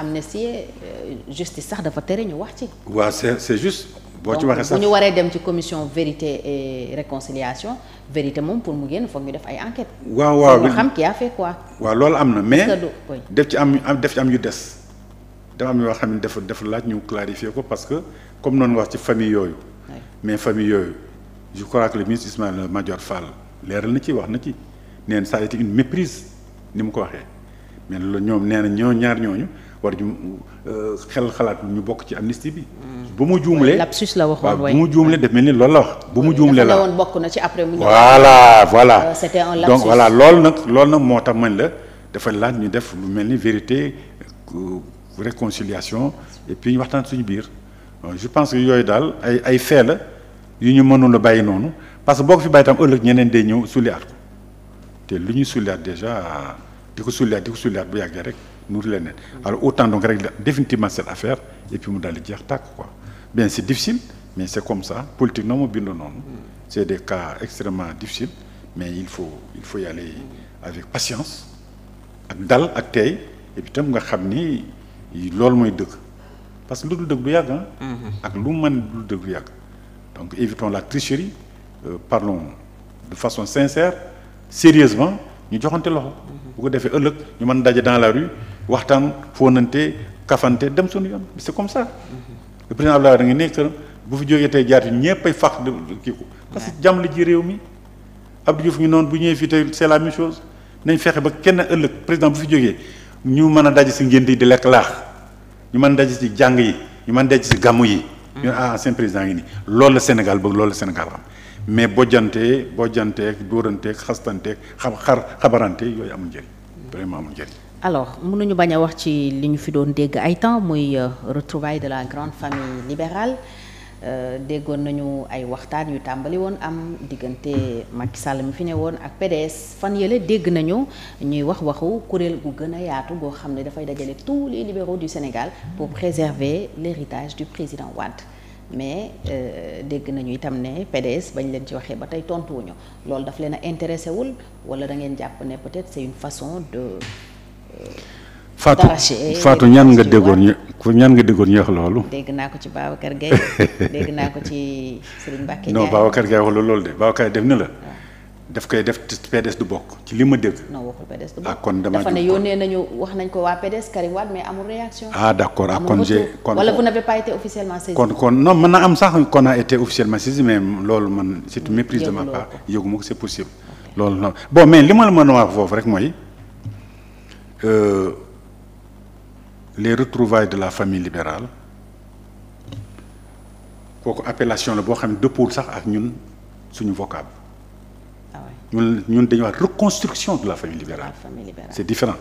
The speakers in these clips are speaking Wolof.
amnistie euh, justice sax dafa tere ñu wax ci. waaw c'est c'est boo ci waxee sax bu ñu waree dem ci commission vérité et réconciliation vérité moom pour mu génn foog ñu def ay enquêtes. waaw waaw nga quoi. waaw loolu am na mais def ci am def ci am yu des. dafa am yoo xam ne dafa dafa laaj ñu clarifier ko parce que comme noonu wax ci famille yooyu. mais famille yooyu je crois que le ministre Ismaïla Madior Fall leeral na ci wax na ci neen na ça a une méprise ni mu ko waxee mais loolu ñoom nee na ñoo ñooñu. war ñu euh, xel xalaat ñu bokk ci amnistie bi. bu mu juumlee lapsus la waxoon waaw bu mu juumlee def mel ni loolu la wax. bu mu juumlee la woon bokk na ci après mu voilà voilà euh, donc voilà loolu nag lool nag moo tax man la dafa laaj ñu def lu mel ni vérité euh, réconciliation et puis waxtaan suñu biir je pense que yooyu daal ay ay la yu ñu mënul a bàyyi noonu parce que boo ko fi bàyyi tam ëllëg ñeneen day ñëw sulliwaat ko te lu ñu sulliwaat déjà di ko sulliwaat di ko sulliwaat bu yàggee rek. nuru leneen alors autant donc régler définitivement cette affaire et puis mu daal di jeex tàkk quoi bien c'est difficile mais c'est comme ça politique na mu bindoo noonu c'est des cas extrêmement difficiles mais il faut il faut y aller avec patience ak dal ak tey et puis nga xam ni loolu mooy dëkk parce que lu dul dëgg du yàgg ah. mm-hmm. ak lu man lu dul dëgg du yàgg donc évitons la tricherie euh, de façon sincère sérieusement ñu joxante loxo mm-hmm. bu ko defee ëllëg ñu mën daje dans la rue waxtaan fóonante kafante dem suñu yoon c'est comme ça le président Abdoulaye da nga nekk bu fi jógee tey jaati ñëpp ay fax kii ko parce que jàmm ji réew mi Abdou Diouf ñu noonu bu ñëwee fii tey la même chose fexe ba kenn ëllëg président bu fi jógee ñu mën a daj si ngénte yi di lekk laax ñu man a daj si jàng yi ñu man a daj si gàmmu yi ñu ne ah seen président ngi nii Sénégal bëgg loolu la Sénégal xam mais bojjantee bojjanteeg dóoranteeg xastanteeg xar xabarante yooyu amul njëriñ vraiment amul njëriñ alors mënuñu bañ a wax ci li ñu fi doon dégg ay temps muy euh, retrouvailles de la grande famille libérale euh, déggoon nañu ay waxtaan yu tàmbali woon am diggante mag Sall mi fi ne woon ak PDS fan yële dégg nañu ñuy wax waxu kuréel gu gën a yaatu boo xam ne dafay dajale tous les libéraux du Sénégal pour préserver l'héritage du président wadd mais euh, dégg nañu itam ne PDS bañ leen ci waxee ba tey tontuwuñu loolu daf leen a intéressé wul wala da ngeen jàpp ne peut-être c'est une façon Fatou Fatou ñaan nga déggoon ñu ku nga déggoon ñu wax loolu. dégg naa ko ci Babacar Gueye dégg naa ko ci loolu Mbacke Ndiaye. non Babacar def na la. daf koy def PDS du bokk ci li ma dégg. non ah, kon dama dafa ne wax nañ ko waa PDS Karim ah, ah, kon j'ai kon wala vous n'avez pas été mën naa am sax kon a été officiellement saisi mais loolu man. surtout mm, méprise de ma part yëgu ma ko c' est possible. loolu noonu bon mais li ma la mën a wax foofu rek mooy. Euh, les retrouvailles de la famille libérale kooku appellation la boo xam ne dëppool sax ak ñun suñu vocable. Ah ñun ñun dañu wax reconstruction de la famille libérale. La famille libérale. c'est différent.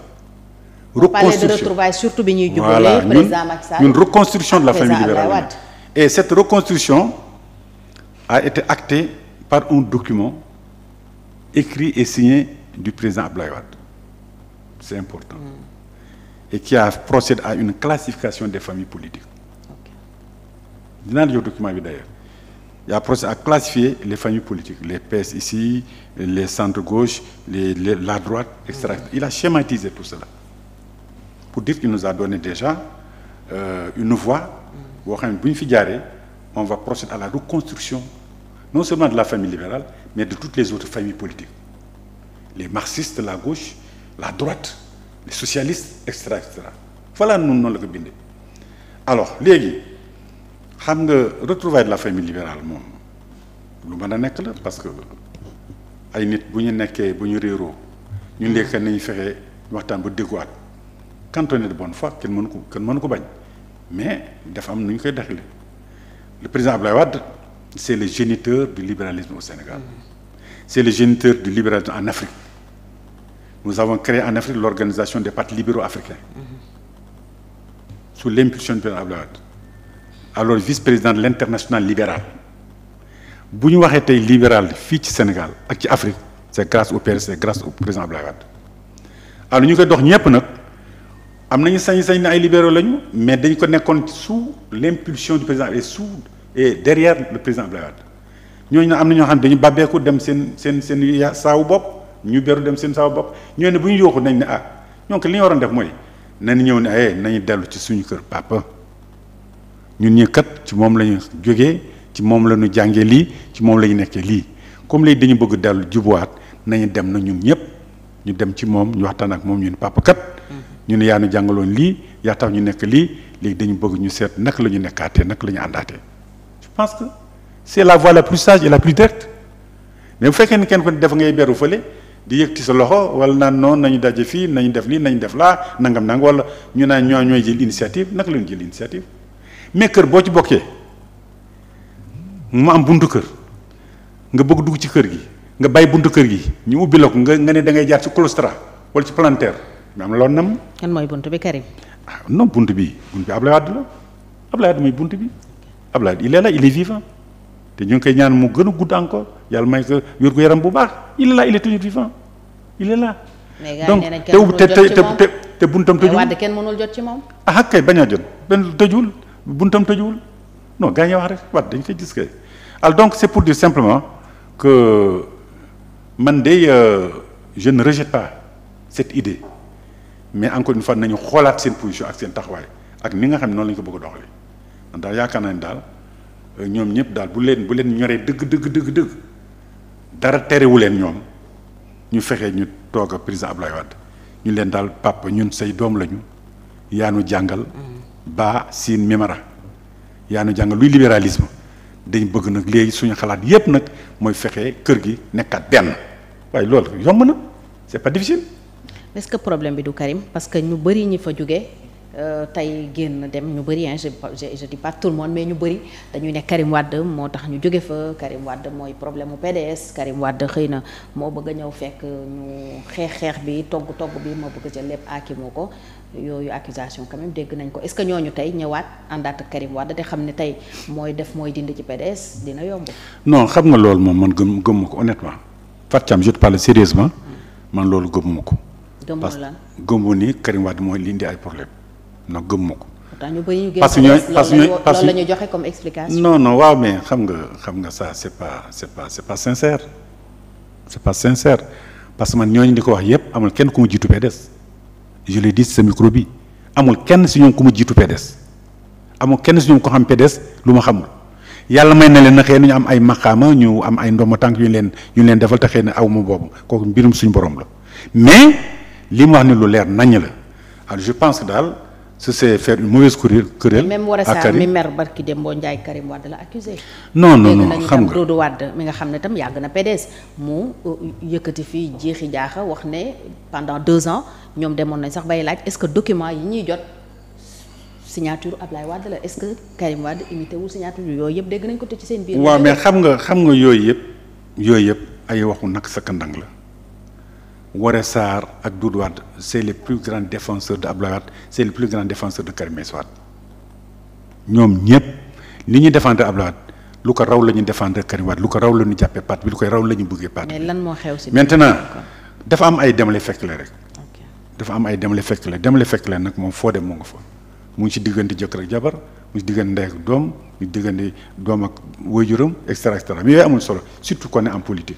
reconstruction surtout bi ñuy jubalee président Macky Sall ñun reconstruction de la famille libérale et cette reconstruction a été actée par un document écrit et signé du président Abdoulaye c'est important mm. et qui a procède à une classification des familles politiques dinaa la jox document bi d'ailleurs il a procès à classifier les familles politiques les pes ici les centre gauche les, les la droite etc mm-hmm. il a schématisé tout cela pour dire qu'il nous a donné déjà euh, une voie mm-hmm. ñu fi jaaree on va procéder à la reconstruction non seulement de la famille libérale mais de toutes les autres familles politiques les marxistes la gauche la droite les socialistes et cetera et cetera noonu la ko bindee alors léegi xam nga retrouvailles de la famille libérale moom lu mën a nekk la parce que ay nit bu ñu nekkee bu ñu réeroo ñun ñu nekk nañu fexe waxtaan bu dégguwaat quand on est de bonne foi kenn mënu ko kenn mënu ko bañ mais dafa am nu ñu koy doxalee le président Abdoulaye Wade c'est le géniteur du libéralisme au Sénégal c'est le géniteur du libéralisme en Afrique nous avons créé en Afrique l'organisation de partis libéraux africains su l'impulsion du président Abdoulaye Wade alors vice-président de l'international libéral bu ñu waxee tey libéral fii ci Sénégal ak ci Afrique c'est grâce au PRC c'est grâce président Abdoulaye Wade alors ñu koy dox ñëpp nag am nañu sañ-sañ ne ay libéraux lañu mais dañ ko nekkoon su l'impulsion du président et sous et derrière le président Abdoulaye Wade ñooñu nag am na ñoo xam ne dañu bàbbeeku dem seen seen seen saawu bopp ñu beru dem seen sama bopp ñoo ne bu ñu yooxu nañ ne ah donc li ñu waroon def mooy nañ ñëw ne ay eh, nañu dellu ci suñu kër papa ñun ñi kat ci moom la ñu jógee ci moom la ñu jàngee lii ci moom la ñu nekkee lii comme léegi dañu bëgg dellu jubuwaat nañu dem na ñun ñëpp ñu dem ci moom ñu waxtaan ak moom ñu ne papa kat mm-hmm. ñu ne yaa nu jàngaloon lii yaa tax ñu nekk lii léegi dañu bëgg ñu seet nak la ñu nekkaatee naka la ñu àndaatee je pense que c'est la voie la plus sage et la plus directe mais bu fekkee kenn ko def ngay beru fële di yëkkati sa loxo wala naan noonu nañu daje fii nañu def lii nañu def laa nangam nang wala ñu naan ñoo ñooy jël initiative naka lañu jël initiative mais kër boo ci bokkee mu am buntu kër nga bëgg dugg ci kër gi nga bàyyi buntu kër gi ñu ubbi la ko nga nga ne da ngay jaar ci claustra wala ci palanteer mais am na loolu nam. kan mooy buntu bi Karim. ah non buntu bi buntu bi Ablaye Wade la Ablaye Wade mooy buntu bi Ablaye il est là il est vivant te ñu ngi koy ñaan mu gën a gudd encore yàlla may ko yor yaram bu baax. il la là il est toujours vivant il est là. donc te te te buntam tëjuwul mais kenn mënul jot ci moom. ah kay bañ a jot benn tëjuwul buntam tëjuwul non gars yi wax rek waat dañ koy gis kay alors donc c' pour dire simplement que man de euh, je ne rejette pas cette idée mais encore une fois nañu xoolaat seen position ak seen taxawaay ak ni nga xam ne noonu la ko bëgg a doxalee man daal yaakaar naa ne daal euh, ñoom ñëpp daal bu leen bu leen ñoree dëgg dëgg dëgg dëgg. dara terewu leen ñoom ñu fexe ñu toog a président Abdoulaye Wade ñu leen daal papa ñun say doom lañu yaanu jàngal. ba siin mimara yaanu jàngal luy libéralisme dañ bëgg nag léegi suñu xalaat yépp nag mooy fexe kër gi nekkaat benn waaye loolu yomb na c'est pas difficile. est-ce que problème bi du Karim parce que ñu bari ñi fa jóge Euh, tey génn dem ñu bëri hein je je dis pas tout le monde ñu bëri dañuy ne Karim Wade moo tax ñu jóge fa Karim Wade mooy problème mu PDS Karim Wade xëy na moo bëgg a ñëw fekk ñu xeex xeex bi togg togg bi moo bëgg jël lépp aaki moo ko yooyu accusation quand même dégg nañ ko est-ce que ñooñu tey ñëwaat àndaat ak Karim Wade te xam ne tey mooy def mooy dindi ci PDS dina yomb. non xam nga loolu moom man gëm gëmuma ko honnêtement Fatou Thiam je te parle sérieusement man loolu gëmuma ko. gëmuma la parce que gëmuma ni Karim Wade mooy lindi ay problème na gëmmu ko. parce que ñooñu parce parce que loolu la ñu joxe waaw mais xam nga xam nga ça c'est pas c'est pas c'est pas sincère c'est pas sincère parce que man ñooñu di ko wax yépp amul kenn ku mu jiitu PDS je l'ai dit sa micro amul kenn si ñoom ku mu jiitu PDS amul kenn si ñoom ko xam PDS lu ma xamul yàlla may na leen na xëy ñu am ay maqaama ñu am ay ndomba tànk yu leen yu leen defal te xëy na aw ma boobu kooku mbirum suñu boroom la mais li mu wax ni lu leer naññ la alors je pense que daal. ce c'est faire une mauvaise kuréel kuréel. même war a saa mi mer barki dem boo Ndiaye Karim Wade la accusé. non non non xam nga Dodo Wade mi nga xam ne tam yàgg na PDS mu euh, yëkkati fii jeexi jaaxa wax ne pendant deux ans ñoom demoon nañ sax bay laaj est-ce que document yi ñuy jot signature Ablaye Wade la est-ce que Karim Wade imité wul signature yooyu yëpp dégg nañ ko te ci seen biir. waaw mais xam nga xam nga yooyu yëpp yooyu yëpp ay waxu nag sa kandang la. Woré Sarr ak Doudou Wade c'est les plus grands défenseurs de Abdoulaye Wade c'est les plus grands défenseurs de Karim Wade ñoom ñëpp li ñuy défendre Abdoulaye Wade lu ko raw la ñu défendre Karim Wade lu ko raw la ñu jàppee pat bi lu koy raw la ñu bëggee pat mais lan moo xew si maintenant dafa am ay demale fekk la rek dafa am ay demale fekk la demale fekk la nag moom foo dem mu nga fa ngi ci diggante jëkk rek jabar mu ngi diggante ndey ak doom mu ngi diggante doom ak waajuram et cetera et cetera mais yooyu amul solo surtout qu'on ne en politique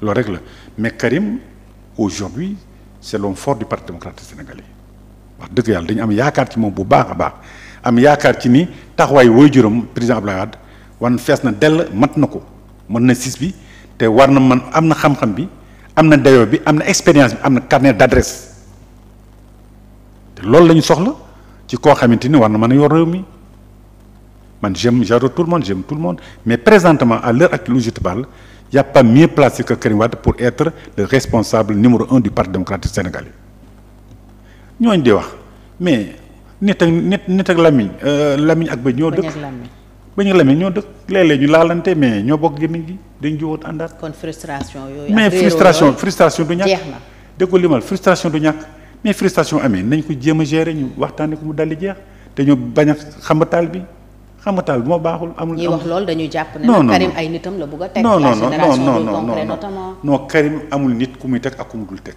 loolu rek la mais aujourd'hui c'est l'homme fort du parti démocratique sénégalais wax dëgg yàlla dañu am yaakaar ci moom bu baax a baax am yaakaar ci ni taxawaay wooy juróom président Abdoulaye Wade wan fees na dell mat na ko mën na sis bi te war na man am na xam-xam bi am na dayoo bi am na expérience bi am na carnet d'adresse te loolu la ñu soxla ci koo xamante ni war na mën a yor réew mi man j'aime j'adore tout le monde j'aime tout le monde mais présentement à l'heure actuelle où je te Il n'y a pas mieux placé que Karim Wade pour être le responsable numéro un du Parti démocratique sénégalais ñooñu di wax mais nit ak nit nit ak lamiñ euh, lamiñ ak bëñ ñoo dëkk bëñ ak lamiñ ñoo dëkk léeg-léeg ñu laalante mais ñoo bokk gémmiñ gi dañ jiwoot àndaat kon frustration yooyu mais frustration frustration du ñàkk dégg ko limal frustration du ñàkk mais frustration amee nañ ko jéem a gérer ñu waxtaane ko mu daldi jeex te ñu bañ a xamataal bi xam nga taal bi moo baaxul. amul ñi wax loolu dañuy jàpp ne. Karim ay nitam la bugg a teg. non non non non non non Karim amul nit ku muy teg a ku mu dul teg.